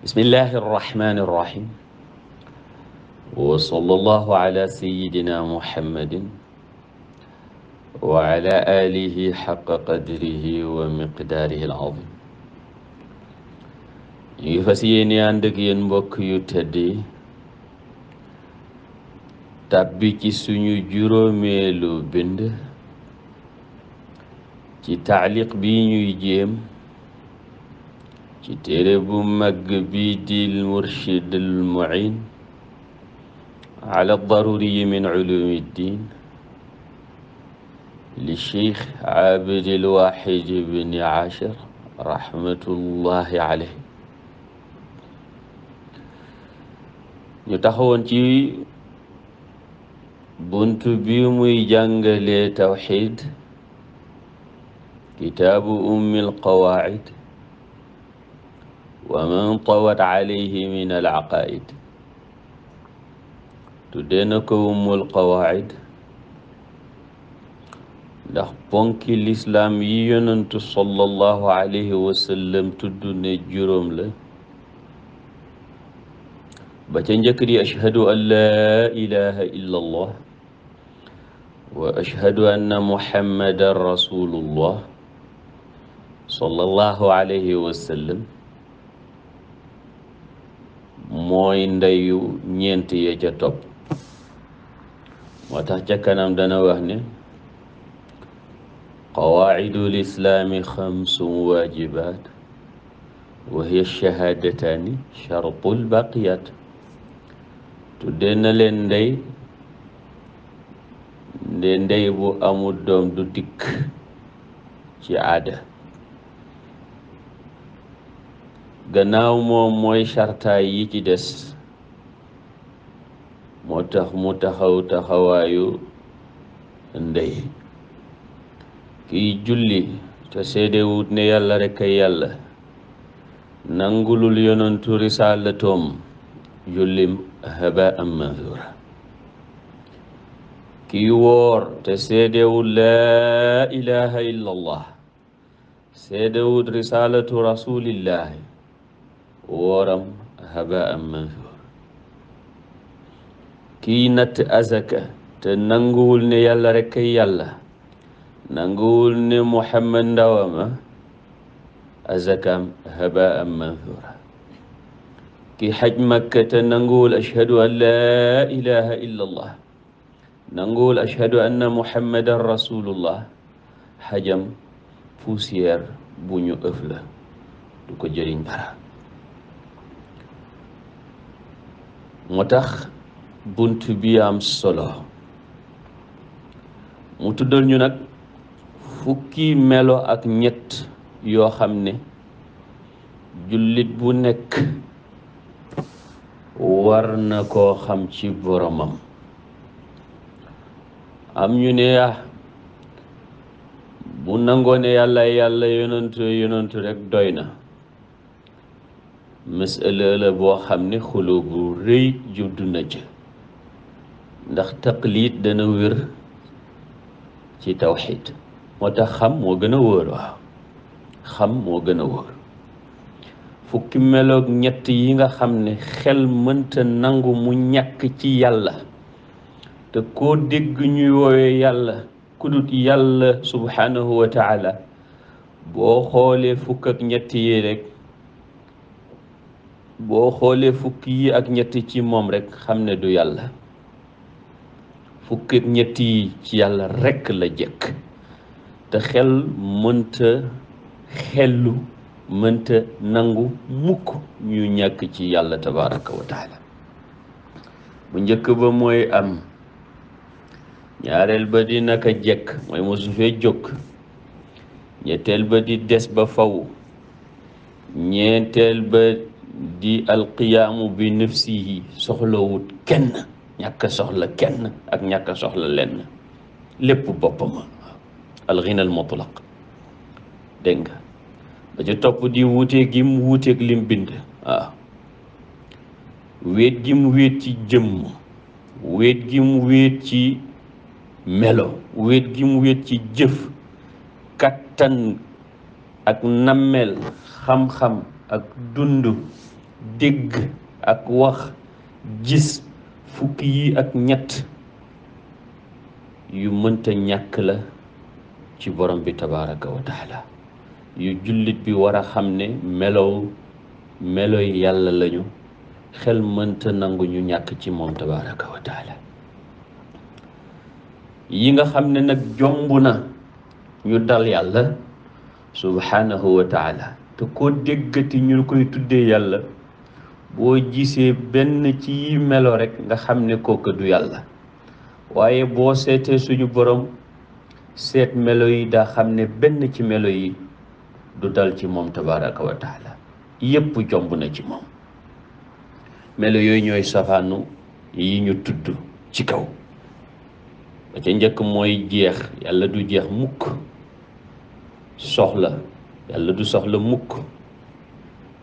bismillahi arrahmani irrahim wa sallallahu ala sayidina muhammadin wa ala alihi xaqa qadrihi wa miqdaarihi alazim ñu ngi fas yéene ànd ak yéen mbokk yu tëddi tàbbi ci suñu juróomeelu bind ci taaliq bi ñuy jéem ci téere bu mag bi di murshid al muin ala daruriyi min ulumi ddin li cheikh abid al wahid ibn ashir rahmatullahi alayh ñu taxawoon ci bunt bi muy jàngalee tawxid kitaabu ummi al qawaid wa man tawat alayhi min al aqaid tuddee na ko ummul qawaid ndax ponki lislaam yi yonantu sallallahu alayhi wa sallam tudd ne juróom la ba ca njëkk di ashhadu an laa ilaha illa allah wa ashhadu anna muhammadan rasulullah sallallahu alayhi wa sallam mooy ndeyu ñeent ya ca topp moo tax ca kanam dana wax ne qawaacidu lislaami xamsun waajibaat wa hiya shahaadataani shartul baqiyaat tuddee na leen ndey bu amul doom du dikk ci aada gannaaw moom mooy chartaay yi ci des moo tax mu taxaw taxawaayu ndey kiy julli te seedewut ne yàlla rekk ay nangulul yonantu risalatoom jullim haba am manzura kiy woor te seedewut laa ilaha illa allah seedewut risalatu rasulillahi wooram habaan manthur kiy natt azaka te nanguwul ne yàlla rekk ay nanguwul ne muhammad ndawama azakam habaan manthura ki xaj makka te nanguwul ashhadu an laa ilaha illa nanguwul ashhadu anna muhammadan rasulullah xajam poussière bu ñu du ko jëriñ dara moo tax bunt bi am solo mu tuddal ñu nag fukki melo ak ñett yoo xam ne jullit bu nekk war na koo xam ci boromam am ñu ne ah bu nangoo ne yàlla yàlla yonantu yonantu rekk doy na masala la boo xam ne xuloo bu rëy juddu na ca ndax taqlid dana wér ci tawxid moo tax xam moo gën a wóor waaw xam moo gën a wóor fukki meloog ñett yi nga xam ne xel mënta nangu mu ñàkk ci yàlla te koo dégg ñuy woowee yàlla ku yàlla subhanahu wa taala boo xoolee fukk ak ñett yi rek boo xoolee fukki yi ak ñett ci moom rekk xam ne du yàlla fukk ak yi ci yàlla rekk la jëkk te xel mënta xellu mënta nangu mukk ñu ñàkk ci yàlla tabaraka wa taala bu njëkk ba mooy am ñaareel ba di naka jekk mooy mosu fee jóg ñetteel ba di des ba faw ñeenteel ba di alqiyaamu bi nafsihi soxlawut kenn ñàkk soxla kenn ak ñàkk soxla lenn lépp boppam alxinal mutlaq dégg nga ba ci topp di wuuteeg gi mu wuuteeg lim bind waaw wéet gi mu wéet ci jëmm wéet gi mu wéet ci melo wéet gi mu wéet ci jëf kattan ak nammeel xam-xam ak dund dégg ak wax gis fukki yi ak ñett yu mënta ñàkk la ci borom bi tabaraka wa yu jullit bi war a xam ne melow meloy yàlla lañu xel mënta nangu ñu ñàkk ci moom tabaraka wa yi nga xam ne nag jomb na ñu dal yàlla subhanahu wa te koo déggati ñu koy tuddee yàlla boo gisee benn ci melo rekk nga xam ne kooka du yàlla waaye boo seetee suñu boroom seet melo yi daa xam ne benn ci melo yi du dal ci moom tabaraka wa yépp jomb na ci moom melo yooyu ñooy safaanu yi ñu tudd ci kaw ba ca njëkk mooy jeex yàlla du jeex mukk soxla yàlla du soxla mukk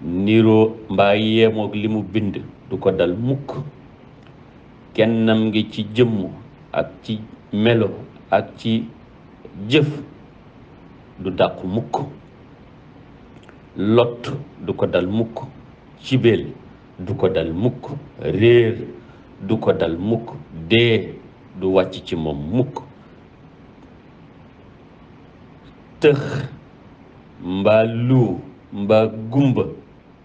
niroo mbaa yeemoog li mu bind du ko dal mukk kennam ngi ci jëmm ak ci melo ak ci jëf du dàqu mukk lot du ko dal mukk cibeel du ko dal mukk réer du ko dal mukk dee du wàcc ci moom mukk tëx mbaa luu mbaa gumba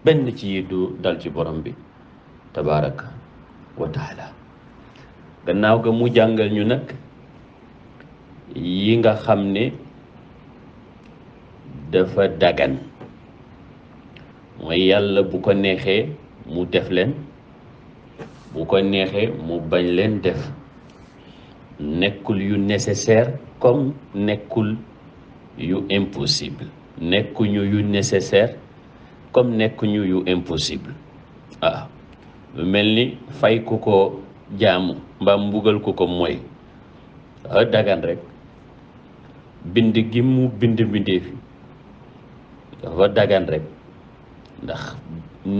benn ci yi du dal ci borom bi tabaraka wa taala gannaaw ga mu jàngal ñu nag yi nga xam ne dafa dagan mooy yàlla bu ko neexee mu def leen bu ko neexee mu bañ leen def nekkul yu nécessaire comme nekkul yu impossible nekkuñu yu nécessaire comme nekkuñu yu impossible waaw ah, mel ni fay ku ko jaamu mbaa mbugal ku ko mooy ah, dagan bind bind mbindéef yi ndax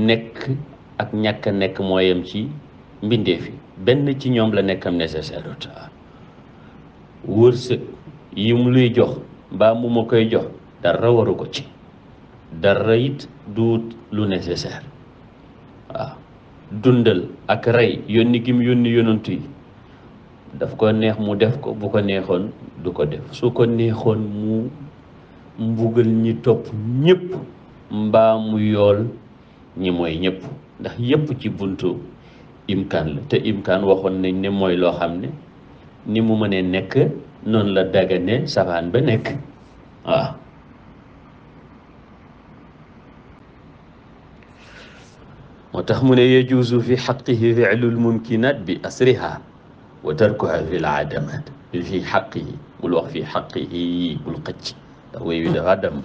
nekk ak nekk mooyam ci mbindéef yi ci ñoom la nekkam nécessaire ah, luy jox mbaa mu ma koy jox dara waru ko ci dara it duut lu nécessaire waaw dundal ak rey yónni gim yónni yonant yi daf ko neex mu def ko bu ko neexoon du ko def su ko neexoon mu mbugal ñi topp ñëpp mbaam mu yool ñi mooy ñëpp ndax yëpp ci buntu imkaan la te imkaan waxoon nañ ne mooy loo xam ne ni mu mënee nekk noonu la dagane safaan ba nekk waaw moo tax mu ne yajuusu fi xaqihi ficlul mumkinat bi asriha wa tarkuha fi l adamat fi xaqihi bul wax fi xaqihi bul xëcc ndax woy wi dafa dem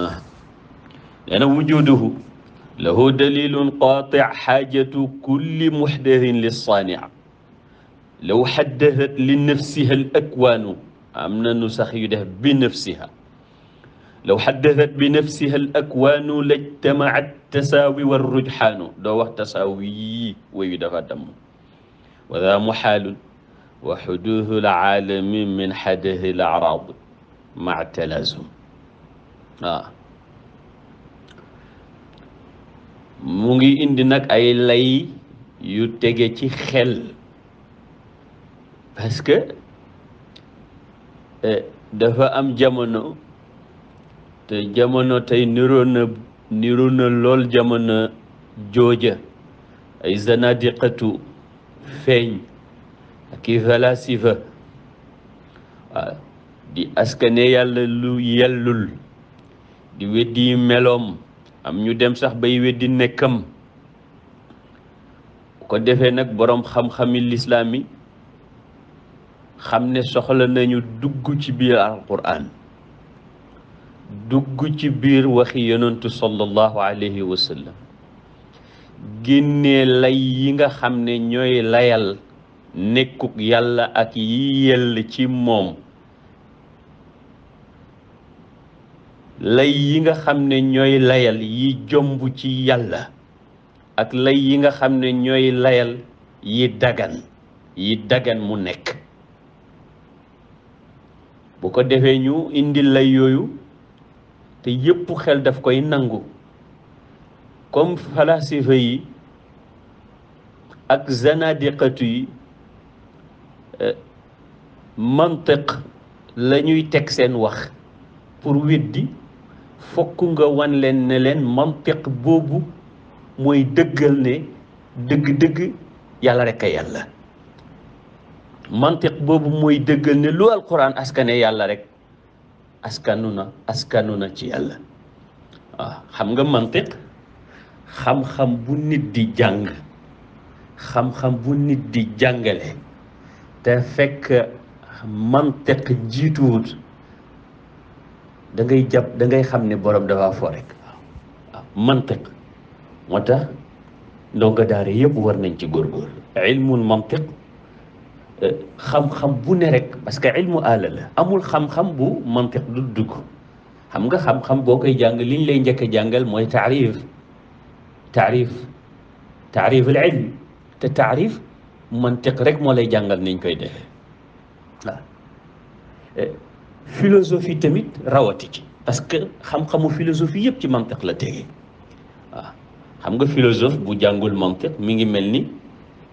ah nee na wujuduhu lahu dalilun qaatic xaajatu kulli muxdathin lissaanic law xaddathat li nafsiha al akwaanu am na nu sax yu def bi nafsiha law xaddatat bi nafsiha al akwaanu lajtamaat tasaawi war rujxaanu doo wax tasaawi yii wayu dafa damm wa daa muxaalun wa xuduuhu l aalami min xadahi l araad maa talaazum waaw mu ngi indi nag ay lay yu tege ci xel parce que euh, dafa am jamono te jamono tey niroo na niroo na lool jamono jooja ay zanadiqatu feeñ ak i falasifa waaw di askane yàlla lu yellul di weddi meloom am ñu dem sax bay weddi nekkam bu ko defee nag boroom xam-xami lislaam yi xam ne soxla nañu dugg ci biir alquran dugg ci biir waxi yonentu sallallahu alayhi wa sallam génnee lay yi nga xam ne ñooy layal nekkuk yàlla ak yi yell ci moom lay yi nga xam ne ñooy layal yi jomb ci yàlla ak lay yi nga xam ne ñooy layal yi dagan yi dagan mu nekk bu ko defee ñu indi lay yooyu te yëpp xel daf koy nangu comme falasifa yi ak zanadiqatu yi euh, mantiq lañuy teg seen wax pour weddi fokk nga wan leen ne leen mantiq boobu mooy dëggal ne dëgg-dëgg yàlla rek a yàlla mantiq boobu mooy dëggal ne lu alquran askane yàlla rek askanu na askanu na ci yàlla waaw ah, xam nga mantiq xam-xam bu nit di jàng xam-xam bu nit di jàngale te fekk mantiq jiituwut dangay ngay jàpp da xam ne borom dafa foo rek ah, mantiq moo tax ndongo daara yëpp war nañ ci góorgóorlu ilmul mantiq xam-xam bu ne rek parce que ilmu àll la amul xam-xam bu mantiq du dugg xam nga xam-xam boo koy jàng liñ lay njëkk jàngal mooy taarif taarif taarif al ilm te taarif mantiq rek moo lay jàngal niñ koy defee waaw eh, philosophie tamit rawati ci parce que xam-xamu philosophie yëpp ci mantiq la tege waaw xam nga philosophe bu jàngul mantiq mi ngi mel ni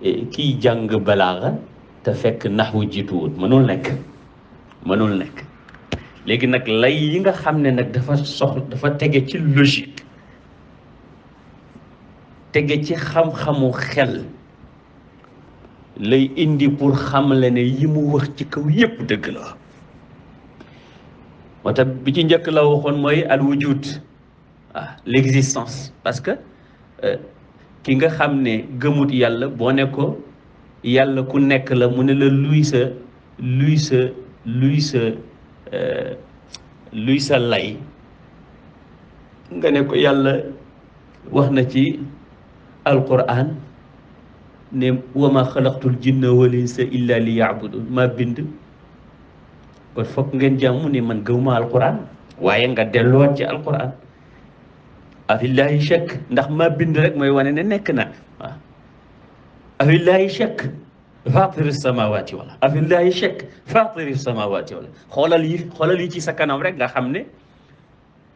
eh, ki jàng balaaxa te fekk nax naxwu jiituwut mënul nekk mënul nekk léegi nag lay yi nga xam ne nag dafa sox dafa tege ci logique tege ci xam-xamu xel lay indi pour xamle ne yi mu wax ci kaw yépp dëgg la moo tax bi ci njëkk la waxoon mooy al wujud ah l'existence parce que euh, ki nga xam ne gëmut yàlla boo nekkoo yàlla ku nekk la mu ne la luy sa luy sa luy sa euh, luy sa lay nga ne ko yàlla wax na ci alquran ne wa ma xalaqtul jinna wal insa li yaabudun ma bind kon foog ngeen jàmm ne man gëwma alquran waaye nga delluwaat ci alquran afillahi shakk ndax ma bind rek mooy wane ne nekk na afillahi chek fatiri samawati wala afillahi chek fatiri samawati wala xoolal yi xoolal yi ci sa kanam rek nga xam ne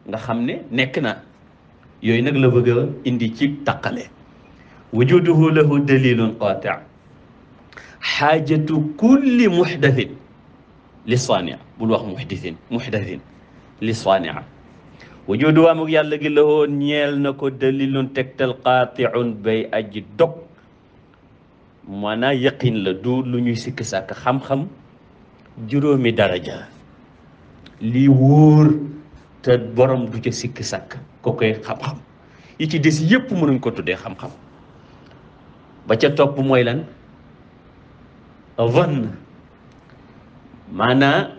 nga xam ne nekk na yooyu nag la bëgg a indi ci taqale wujuduhu lahu dalilun qaati' xaajatu kulli muxdathin li saania bul wax muxdathin muxdathin li saania wujudu waamug yàlla gi la woon ñeel na ko dalilun tegtal qaati'un bay aji dog maanaa yaqin la du lu ñuy sikk sàkk xam-xam juróomi daraja lii wóor te borom du ca sikk sàkk ko koy xam-xam yi ci des yépp mënuñ ko tuddee xam-xam ba ca topp mooy lan vann maanaa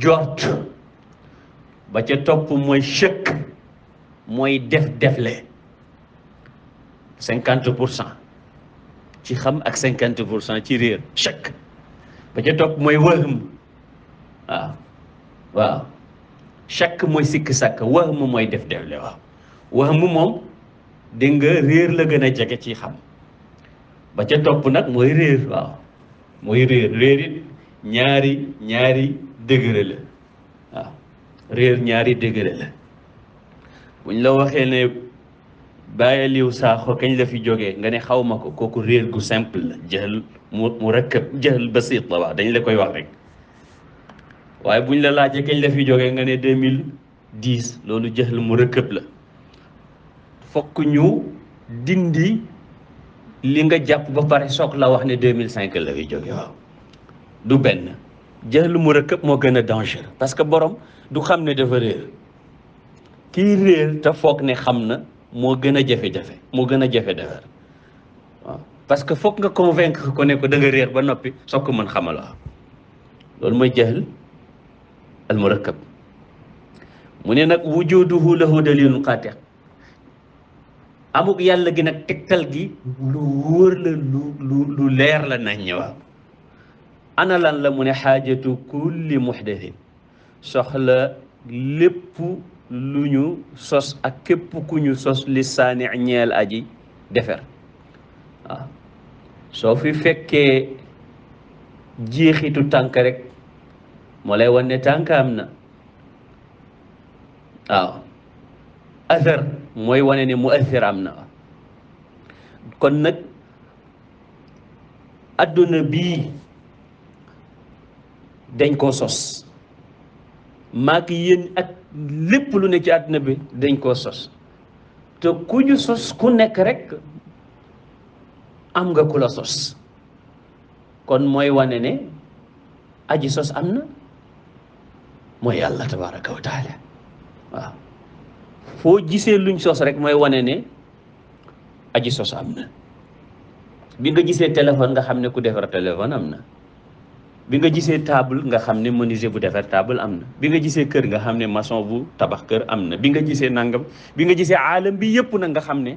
jort ba ca topp mooy chëkk mooy def defle cinquante pour cent ci xam ak cinquante pour cent ci réer chèque ba ca topp mooy wëhëm waaw waaw mooy sikk sàkk wëhëm mooy def def le waaw wëhëm moom dégg nga réer la gën a jege ci xam ba ca topp nag mooy réer waaw mooy réer réer ñaari ñaari degré la waaw réer ñaari degré la buñ la waxee ne Baye Aliou Sakho kañ la fi jóge nga ne xaw ma ko kooku réer gu simple la jël mu mu rakkab jël basit la wax dañ la koy wax rek waaye buñ la laajee kañ la fi jógee nga ne 2010 loolu jël mu rëkkëb la fokk dindi li nga jàpp ba pare soog la wax ne 2005 la fi jógee waaw du benn jël mu rëkkëb moo gën a dangereux parce que borom du xam ne dafa réer kii réer te foog ne xam na. moo gën a jafe-jafe moo gën a jafe defar waaw parce que fook nga convaincre ko ne ko da nga réer ba noppi soog ko mën xamaloo loolu mooy jahl al murakkab mu ne nag wujuduhu lahu dalilun qati amu yàlla gi nag tegtal gi lu wóor la lu lu leer la nañ ñëwaaw ana la mu ne xaajatu kulli muxdathin soxla lépp lu ñu sos ak képp ku ñu sos li saani ñeel aji defer waaw soo fi fekkee jeexitu tànk rek moo lay wan tànk am na waaw athar mooy wane ne mu athar am na kon nag adduna bii dañ koo sos maak yéen ak lépp lu ne ci àddina bi dañ koo sos te ku ñu sos ku nekk rek am nga ku la sos kon mooy wane ne aji sos am na mooy yàlla tabaraka wa taala foo gisee luñ sos rek mooy wane ne aji sos am na bi nga gisee téléphone nga xam ne ku defar téléphone am na bi nga gisee table nga xam ne menuisier bu defar table am na bi nga gisee kër nga xam ne maçon bu tabax kër am na bi nga gisee nangam bi nga gisee aalam bi yëpp na nga xam ne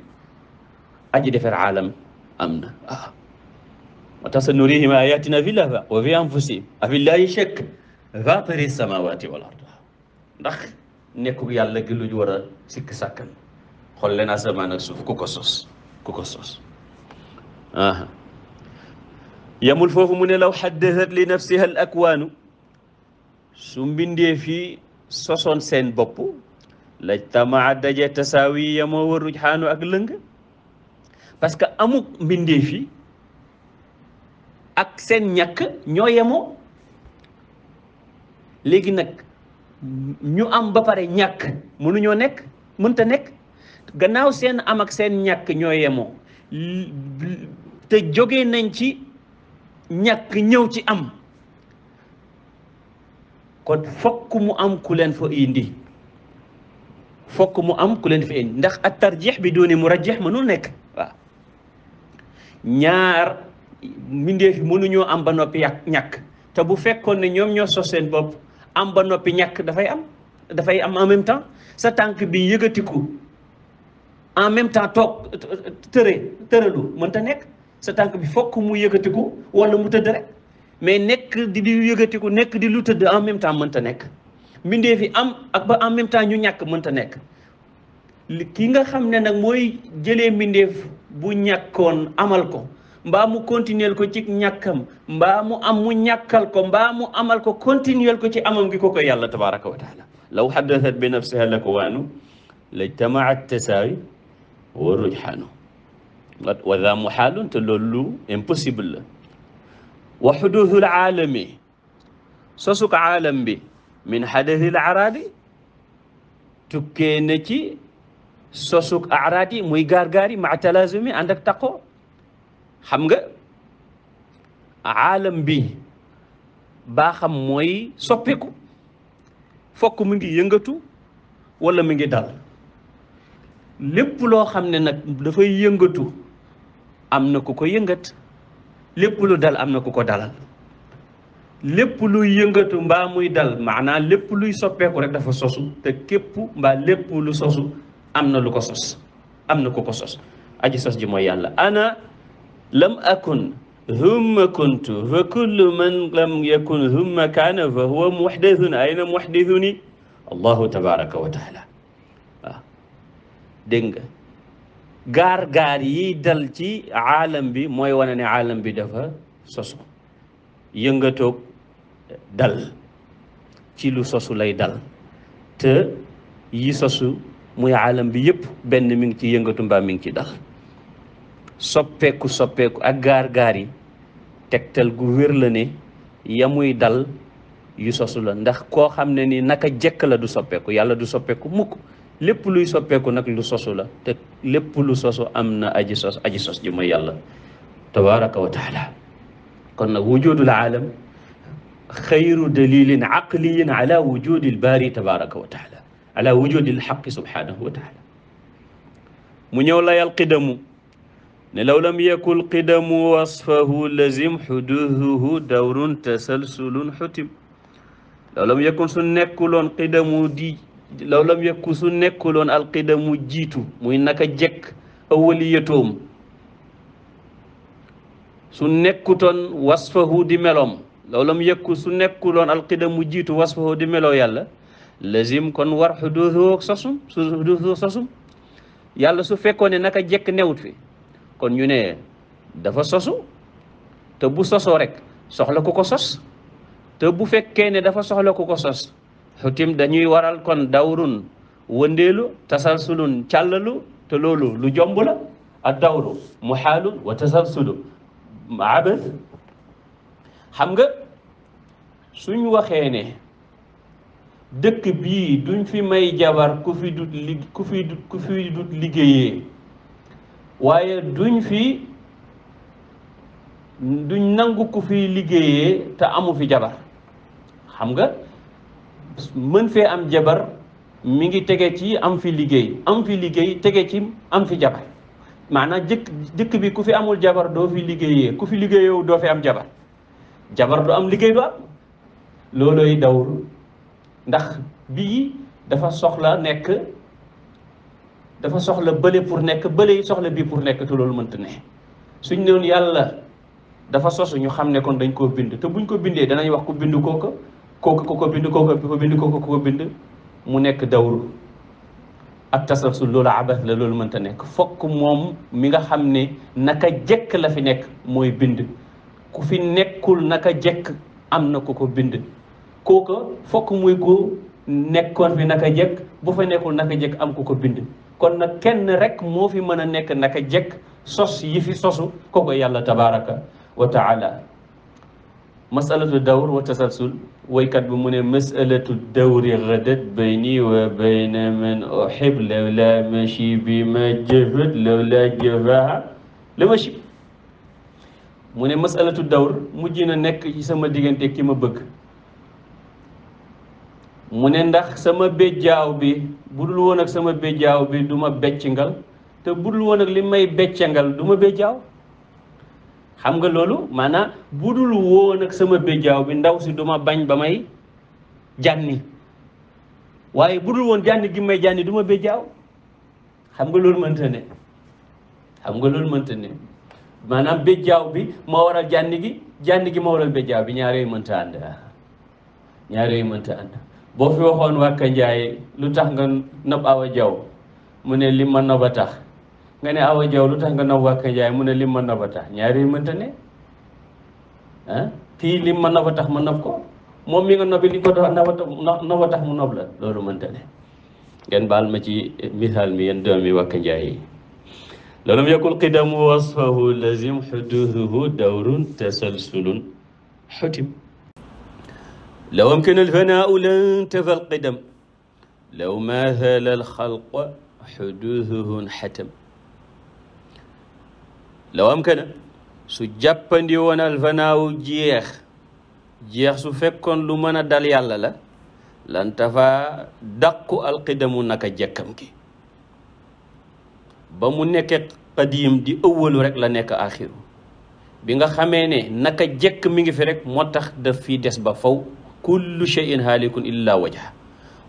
aji defar alam am na ah wa tax sa nurihim ayatina fi lahfa wa fi anfusihim afi llahi shakk fatiri samawati wal ard ndax nekku yàlla gi lu ñu war a sikk sàkkan xool leen asamaan ak suuf ku ko sos ku ko sos yamul foofu mu ne law xaddasat li nafsiha ak waanu su mbindee fii sosoon seen bopp lajtamaa daje tasaawi yamoo wa rujxaanu ak lëng parce que amuk mbindee fi ak seen ñàkk ñoo yemoo léegi nag ñu am ba pare ñàkk mënuñoo nekk mënta nekk gannaaw seen am ak seen ñàkk ñoo yemoo te jóge nañ ci ñàkk ñëw ci am kon fokk mu am ku foo indi fokk mu am ku leen fa indi ndax at tarjeex bi doone mu rajjeex mënul nekk waaw ñaar mbindeef yi mënuñoo am ba noppi yàq ñàkk te bu fekkoon ne ñoom ñoo sos seen bopp am ba noppi ñàkk dafay am dafay am en même temps sa tànk bi yëgatiku en même temps toog tëre tëralu mënta nekk sa tànk bi fokk mu yëkkatiku wala mu tëdd rek mais nekk di di yëkkatiku nekk di lu tëdd en même temps mënta nekk mbindee fi am ak ba en même temps ñu ñàkk mënta nekk ki nga xam ne nag mooy jëlee mbindeef bu ñàkkoon amal ko mbaa mu continuer ko ci ñàkkam mbaa mu am mu ñàkkal ko mbaa mu amal ko continuer ko ci amam gi ko koy yàlla tabaraka wa taala law haddathat bi nafsiha la ko waanu lajtamaat tasaawi wa rujxaanu wada mu xaalun te loolu impossible la wa xuduusul aalami sosuk aalam bi min xadasil araadi tukkee na ci sosuk araad muy gaar-gaar yi maa ak taqoo xam nga aalam bi baaxam mooy soppiku fokk mu ngi yëngatu walla mu ngi dal lépp loo xam ne nag dafay yëngatu am na ku ko yëngat lépp lu dal am na ku ko dalal lépp luy yëngatu mbaa muy dal maanaam lépp luy soppeeku rek dafa sosu te képp mbaa lépp lu sosu am na lu ko sos am na ku ko sos aji sos ji mooy yàlla ana lam akun humma kuntu fa kullu man lam yakun humma kaana fa huwa muhdithun ayna muhdithuni allahu tabaraka wa taala waaw dégg nga gaar-gaar yiy dal ci aalam bi mooy wane ne àllam bi dafa sosu yëngatoog dal ci lu sosu lay dal te yi sosu muy aalam bi yépp benn mi ngi ci yëngatu mbaam mi ngi ci dal soppeeku soppeeku ak gaar-gaar yi tegtal gu wér la ne ya muy dal yu sosu la ndax koo xam ne ni naka jekk la du soppeeku yàlla du soppeeku mukk lépp luy soppeeku nag lu sosu la te lépp lu sosu am na aji sos aji sos ji mooy yàlla tabaraka wa taala kon nag wujudul aalam xayru dalilin aqliyin ala wujudil baari tabaraka wa taala ala wujudil xaqi subhanahu wa taala mu ñëw layal qidamu ne law lam yakul qidamu wasfahu lazim xududuhu dawrun tasalsulun xutim law lam yakun su nekkuloon qidamu di law lam yekku su nekkuloon alqidamu jiitu muy naka jekk awaliyatoom su nekkutoon wasfahu di meloom law lam yekku su nekkuloon alqidamu jiitu wasfahu di meloo yàlla lazim kon war xuduusuhu yàlla su fekkoon ne naka jekk newut fi kon ñu ne dafa sosu te bu sosoo rekk soxla ku ko sos te bu fekkee ne dafa soxla ku ko sos xutim dañuy waral kon dawrun wëndeelu tasalsulun càllalu te loolu lu jomb la ak dawru muhaalun wa tasalsulu abas xam nga suñ waxee ne dëkk bii duñ fi may jabar ku fi dut liggéeyee waaye duñ fi duñ nangu ku fi liggéeyee te amu fi jabar xam nga mën fee am jabar mu ngi tege ci am fi liggéey am fi liggéey tege ci am fi jabar maanaam jëkk jëkk bi ku fi amul jabar doo fi liggéeyee ku fi liggéeyoo doo fi am jabar jabar du am liggéey du am loolooy dawru ndax bii dafa soxla nekk dafa soxla bële pour nekk bële yi soxla bii pour nekk te loolu mënta ne suñ noonu yàlla dafa sosu ñu xam ne kon dañ koo bind te buñ ko bindee danañ wax ku bind kooka kooku ko bind kooku ko bind ko bind mu nekk dawru ak tasalsul loolu abas la loolu mënta nekk fokk moom mi nga xam ne naka jekk la fi nekk mooy bind ku fi nekkul naka jekk am na ku ko bind kooka fokk muy ku nekkoon fi naka jekk bu fa nekkul naka jekk am ku ko bind kon nag kenn rek moo fi mën a nekk naka jekk sos yi fi sosu kooku yàlla tabaraka wa taala masalatu dawr wa tasalsul woykat bi mu ne masalatu dawri gadat bayni wa bayna man uhib law la mashi bi ma jëfat law la jëfaa la mashi mu ne masalatu dawr mujj na nekk ci sama diggante ki ma bëgg mu ne ndax sama béjjaaw bi budul woon ak sama béjjaaw bi du ma beccangal te budul li may beccangal du ma béjjaaw xam nga loolu maanaam budul woon ak sama béjjaaw bi ndaw si duma bañ ba may jànni waaye budul woon jànni gi may jànni duma ma béjjaaw xam nga loolu mënta ne xam nga loolu mënta ne maanaam béjjaaw bi moo waral jànni gi jànni gi moo waral béjjaaw bi ñaar yooyu mënta ànd ñaar mënta ànd boo fi waxoon wàkka njaay lu tax nga nopp a jaw mu ne li ma nopp a tax nga ne awa jaw lu tax nga naw wàkka njaay mu ne lim ma naba tax ñaari mënta ne ah kii lim ma naba tax ma nab ko moom mi nga nobi li ko doon naba tax mu nob la loolu mënta ne ngeen baal ma ci misaal mi yéen doomi wàkka njaay yi lalam yakul qidamu wasfahu lazim xuduuduhu dawrun tasalsulun xutim law amkana alfanaau lan tafa alqidam law maathala alxalqa xuduuduhu xatam law amkana su jàppandi woon alfanaawu jeex jeex su fekkoon lu mën a dal yàlla la lan tafa dàqu alqidamu naka jekkam gi ba mu nekkee qadiim di ëwwalu rek la nekk axiru bi nga xamee ne naka jekk mi ngi fi rekk moo tax daf fii des ba faw kullu shay'in haalikun illa wajha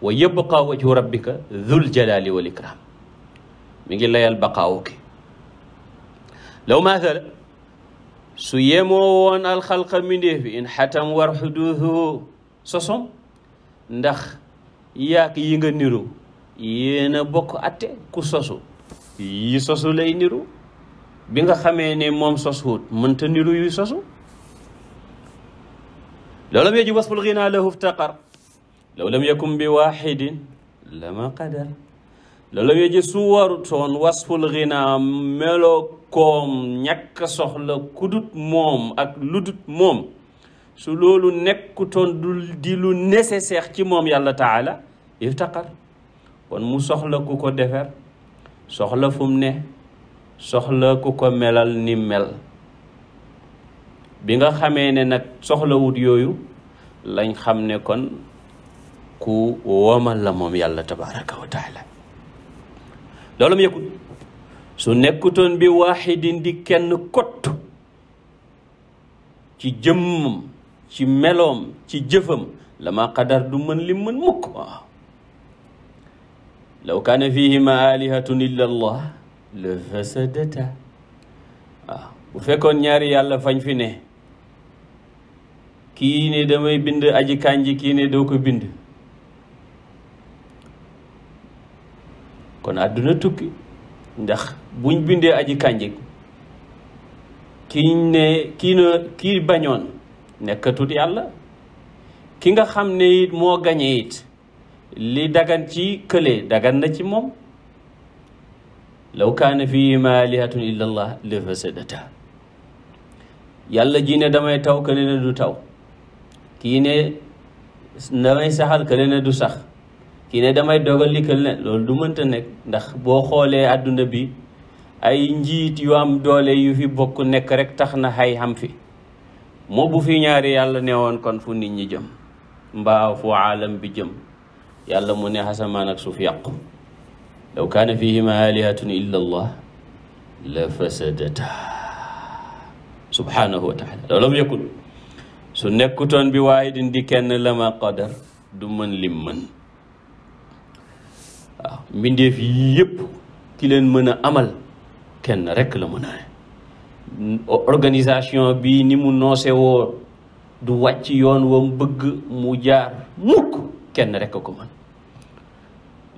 wa yabqa wajhu rabbika dhul jalali wal ikram mi ngi layal baqaawu ki law maathala su yemoo woon alxalqa mbindéef bi in xatam war xuduusuhu sosom ndax yaak yi nga niru yéen a bokk atte ku sosu yi sosu lay niru bi nga xamee ne moom sosuwut mënta niru yuy sosu law lam yajib wasful xinaa lahu iftaqar law lam yakun bi waaxidin lama qadar loola weje su warutoon wasful xinaa meloo koom ñàkk soxla kudut moom ak ludut moom su loolu nekkutoon du di lu nécessaire ci moom yàlla taala iftaqar kon mu soxla ku ko defer soxla fu ne soxla ku ko melal ni mel bi nga xamee ne nag soxlawut yooyu lañ xam ne kon ku womal la moom yàlla tabaraka wa taala loolu mu yëkkut su nekkutoon bi waaxidin di kenn kott ci jëmmam ci meloom ci jëfam lama qadar du mën lim mën mukk waaw law kaana fihima alihatun illa allah la fasadata bu fekkoon ñaari yàlla fañ fi ne kii ne damay bind aji kànji kii ne doo ko bind kon àdduna tukki ndax buñ bindee aji kànjig ki ne kii na kii bañoon nekkatut yàlla ki nga xam ne it moo gañe it li dagan ci kële dagan na ci moom law kaana fiihimaa aalihatun illa allah la fasadata yàlla ji ne damay taw kële ne du taw kii ne damay saxal kële ne du sax kii ne damay dogal likkal ne loolu du mënta nekk ndax boo xoolee àdduna bi ay njiit yu am doole yu fi bokk nekk rek tax na xay xam fi moo bu fi ñaari yàlla ne woon kon fu nit ñi jëm mbaa fu aalam bi jëm yàlla mu ne asamaan ak suuf yàqu law kaana fihima alihatun illa allah la fasadata subhanahu wa taala loolam yëkkul su nekkutoon bi waaye din di kenn lama qadar du mën lim mën waaw mbindeef yi yëpp ki leen mën a amal kenn rekk la mën a organisation bi ni mu noose woo du wàcc yoon wa bëgg mu jaar mukk kenn rekk ko mën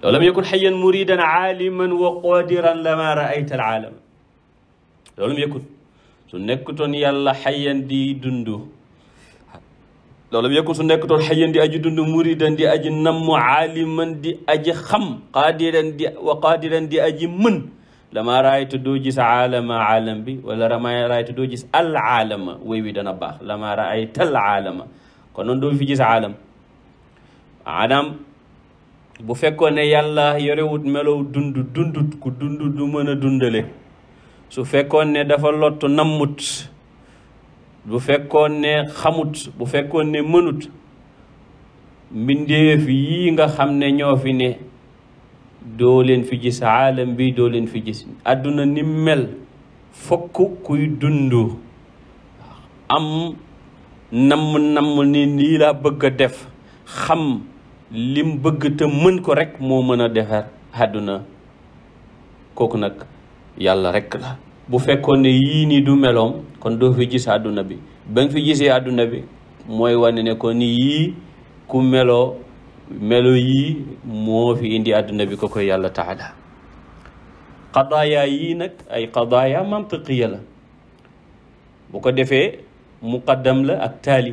law lam yakun xayan muridan aaliman wa qadiran lama raayta alaalama loolu mu yëkkut su nekkutoon yàlla xayan di dund loolu mu yëkkul su nekkatoon xayyan di aji dund muridan di aji namm aaliman di aji xam qaadiran di wa qaadiran di aji mën lama raaytu doo gis aalama aalam bi wala lama raaytu doo gis al aalama woy wi dana baax lama raayta al aalama kon noonu doo fi gis aalam maanaam bu fekkoon ne yàlla yorewut melow dund dundut ku dund du mën a dundale su fekkoon ne dafa lottu nammut bu fekkoon ne xamut bu fekkoon ne mënut mbindeef yii nga xam ne ñoo fi ne doo leen fi gis bi doo fi gis àdduna ni mel fokk kuy dund am nam namm ni nii laa bëgg a def xam lim bëgg te mën ko rekk moo mën a defar àdduna kooku nag yàlla rekk la bu fekkoon ne yii nii du meloom kon doo fi gis àdduna bi ba nga fi gisee àdduna bi mooy wane ne kon ni yii ku melo melo yii moo fi indi àdduna bi ko koy yàlla taala qadaaya yii nag ay qadaaya mantiqiya la bu ko defee muqaddam la ak taali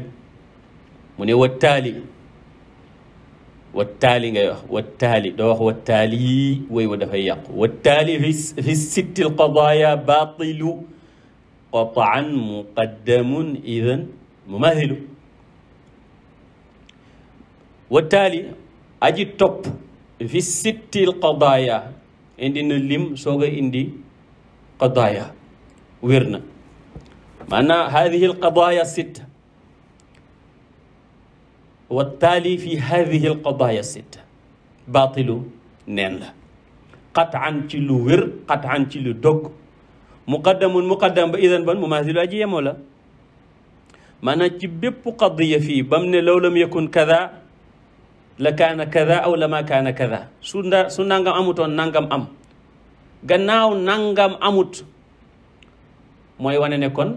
mu ne wa taali wattaali ngay wax wattaali doo wax wattaali yi woy wa dafay yàqu wattaali fi fi sitti lqadaaya baatilu qataan muqaddamun idan mumahilu wattaali aji topp fi sitti lqadaaya indi na lim soog a indi qadaaya wér na maanaam haadihi lqadaaya sitta wattaali fi hadihi alqadaya sitta baatilu neen la qataan ci lu wér qataan ci lu dog mu muqaddam ba idan ban mumaasilu aji yemoo la maanaam ci bépp qadiya fii ba mu ne law lam yakun kada la kaana kada aw la ma kaana kada su nangam amutoon nangam am gannaaw nangam amut mooy wane ne kon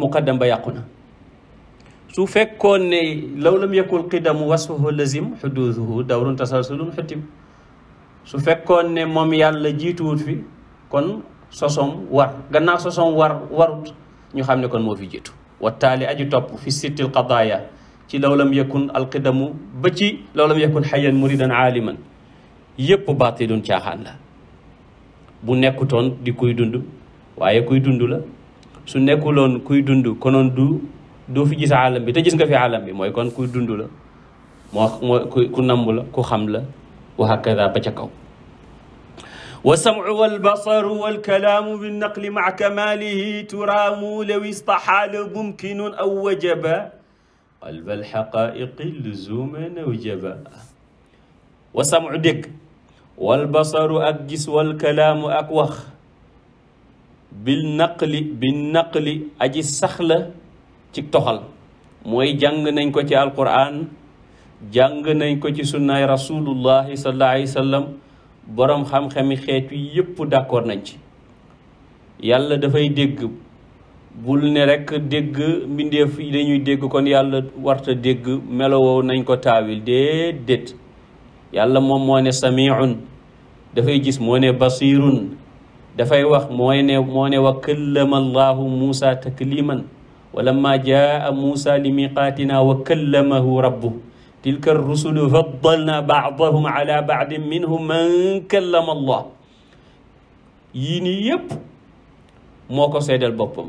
muqaddam ba yàqu na su fekkoon ne law lam yakul qidamu wasfuhu lazim xuduuduhu dawrun tasalsulun xutim su fekkoon ne moom yàlla jiituwut fi kon sosom war gannaaw sosom war warut ñu xam ne kon moo fi jiitu wattaali aju topp fi sittil qadaaya ci law lam yakun alqidamu ba ci law lam yakun xayan muridan aaliman yépp baatilun caaxaan la bu nekkutoon di kuy dund waaye kuy dund la su nekkuloon kuy dund konoon du doo fi gis àllam bi te gis nga fi àllam bi mooy kon kuy dund la moo moo ku namb la ku xam la wa hakada ba ca kaw wa samcu walbasaru walkalaamu binnaqli maca kamaalihi turaamu law istaxaala mumkinun aw wajaba qalba alxaqaaiqi luzuman aw jaba wa samcu dégg walbasaru ak gis walkalaamu ak wax binnaqli binnaqli aji saxla ci toxal mooy jàng nañ ko ci alquran jàng nañ ko ci sunnaay rasulullahi sallallahu alayhi wasallam boroom xam-xami xeet yi yépp d'accord nañ ci yàlla dafay dégg bul ne rekk dégg mbindeef yi dañuy dégg kon yàlla warta dégg melowoo nañ ko taawil déedéet yàlla moom moo ne samiun dafay gis moo ne basirun dafay wax mooy ne moo ne wa kallama allahu muusa takliman wa lamma jaa muusa li miqaatina wa kallamahu rabbu tilka rusulu faddalna baadahum ala baadin minhum man kallama allah yii nii yépp moo ko seedal boppam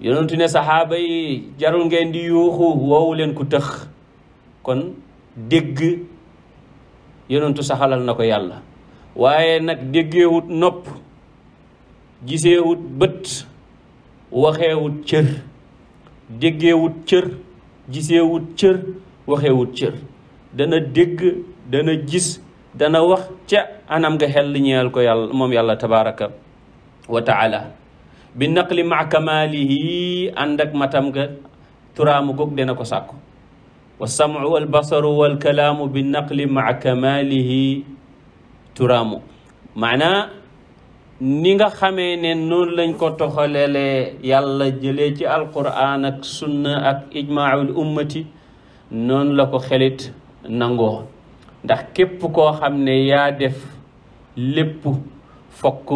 yonentu ne saxaaba yi jarul ngeen di yuuxu woowu leen ku tëx kon dégg yonentu saxalal na ko yàlla waaye nag déggeewut nopp giseewut bët waxeewut cër déggeewut cër giseewut cër waxeewut cër dana dégg dana gis dana wax ca anam nga xel ñeel ko yàlla moom yàlla tabaraka wa taala bi naqli maa kamaalihi ak matam nga turaamu goog dana ko sàkku wa samcu wal basaru wal kalaamu bi naqli maa turaamu maanaa ni nga xamee ne noonu lañ ko lee yàlla jëlee ci alquran ak sunna ak ijmaul ummati noonu la ko xelit nangoo ndax képp koo xam ne yaa def lépp fokk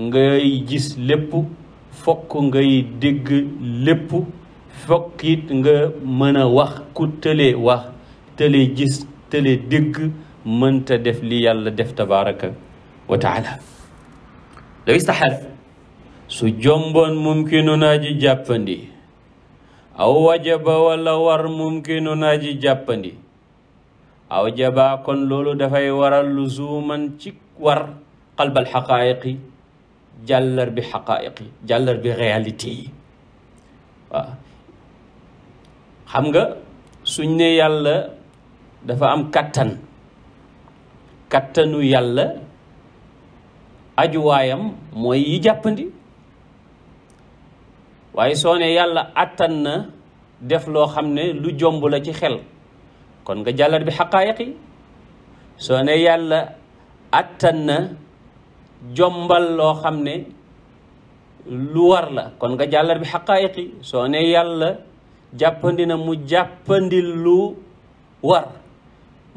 ngay gis lépp fokk ngay dégg lépp fokk nga mën a wax ku tëlee wax tëlee gis tëlee dëgg mënta def li yàlla def tabaraka wa law istahal su jomboon mumkinun aji jàppandi aw wajaba wala war mumkinun aji jàppandi aw jaba kon loolu dafay waral luzuman ci war qalbal xaqaayiqi jàllar bi xaqaayiqi jàllar xam nga suñ ne yàlla dafa am kattan kattanu yàlla ajuwaayam mooy yi jàppandi waaye soo ne yàlla attan na def loo xam ne lu jomb la ci xel kon nga jàllar bi xaqaayiq soo ne yàlla attan na jombal loo xam ne lu war la kon nga jàllar bi xaqaayiq soo ne yàlla jàppandi na mu jàppandi lu war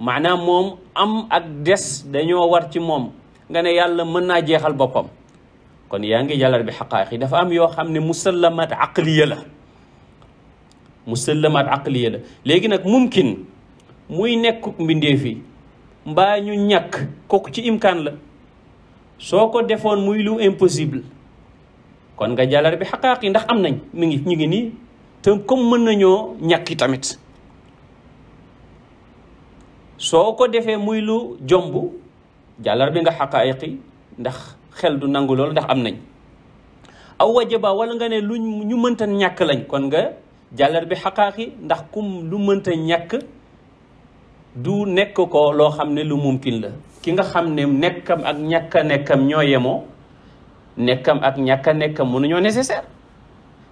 maanaam moom am ak des dañoo war ci moom nga ne yàlla mën naa jeexal boppam kon yaa ngi jàllar bi xaqaayiq yi dafa am yoo xam ne musallamat aqliya la musallamat aqliya la léegi nag mumkin muy nekkuk mbindeef yi mbaa ñu ñàkk kooku ci imkaan la soo ko defoon muy lu impossible kon nga jàllar bi xaqaayiq yi ndax am nañ mi ngi ñu ngi nii te comme mën nañoo ñàkki tamit soo ko defee muy lu jomb jàllar bi nga xaqaayiq ndax xel du nangu loolu ndax am nañ aw wajaba wala nga ne lu ñu mënta ñàkk lañ kon nga jàllar bi xaqaayiq ndax kum lu mënta ñàkk du nekk ko loo xam ne lu mumkin la ki nga xam ne nekkam ak ñakk nekkam ñoo yemoo nekkam ak ñàkk mu nekkam mënuñoo nécessaire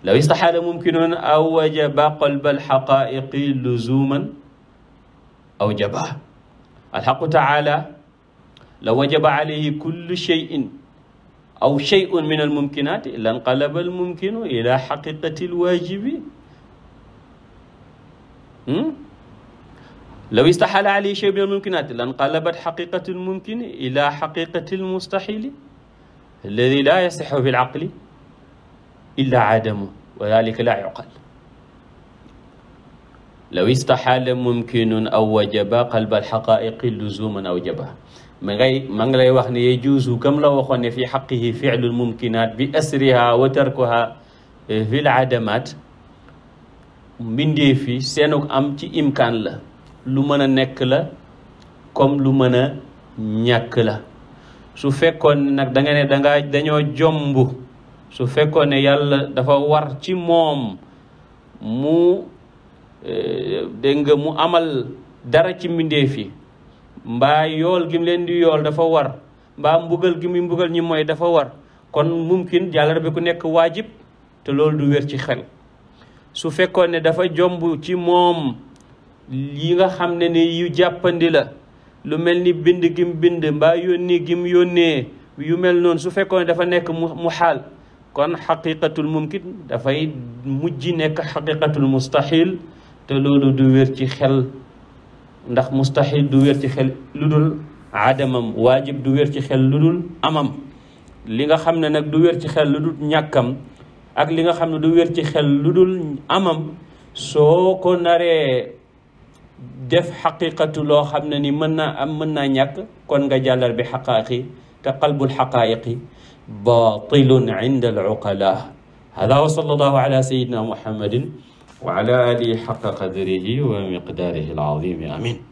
law istaxaala mumkinuun aw wajaba qalba alxaqaaiqi luzuman aw jaba alxaqu taala la wajaba alayhi kullu cheyin aw cheyun min almumkinati lanqalaba almumkinu ila xaqiqati alwajibi law istaxala alayhi chey min almumkinati lanqalabat xaqiqatu almumkini ila xaqiqati almustaxili alladi la yasixu fi alaqli illa adamu wa dalika la yuqal law istaxala mumkinun aw wajaba qalba alxaqaiqi luzuman aw jaba ma ngay ma ngi lay wax ne yejuusu kam la waxoon ne xaq yi ficlul mumkinaat bi asriha wa tarkuha eh, fil adamat mbindee fi seenuk am ci imkaan la lu mën a nekk la comme lu mën a ñàkk la su fekkoon ne nag da danga dañoo jomb su fekkoon ne yàlla dafa war ci moom mu eh, dégg nga mu amal dara ci mbindee fi mbaa yool gi leen di yool dafa war mbaa mbugal gi muy mbugal ñi mooy dafa war kon mumkin jàllar bi ku nekk waajib te loolu du wér ci xel su fekkoon ne dafa jomb ci moom yi nga xam ne ni yu jàppandi la lu mel ni bind gim bind mbaa yónni gim yónnee yu mel noonu su fekkoon ne dafa nekk mu xaal kon xaqiqatul mumkin dafay mujj nekk xaqiqatul mustahil te loolu du wér ci xel ndax mustahil du wér ci xel lu dul adamam waajib du wér ci xel lu dul amam li nga xam ne nag du wér ci xel lu dul ñàkkam ak li nga xam ne du wér ci xel lu dul amam soo ko naree def xaqiqatu loo xam ne ni mën naa am mën naa ñàkk kon nga jàllar bi xaqaaqi te qalbul xaqaayiqi batilun inda al uqala hada wa sallallahu ala sayidina muhammadin wa ala alihi xaqa qadrihi wa miqdaarihi al-aziim amiin